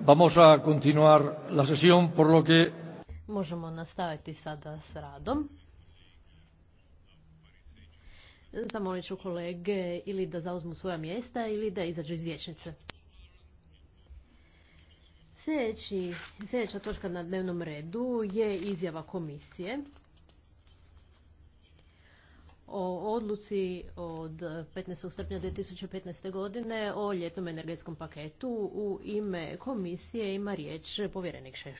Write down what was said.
Vamos a continuar la sesión, por lo que... Možemo nastaviti sada s radom. Zamolit ću kolege ili da zauzmu svoja mjesta ili da izađu iz vječnice. sljedeća točka na dnevnom redu je izjava komisije o odluci od 15. srpnja 2015. godine o ljetnom energetskom paketu u ime komisije ima riječ povjerenik Šeš.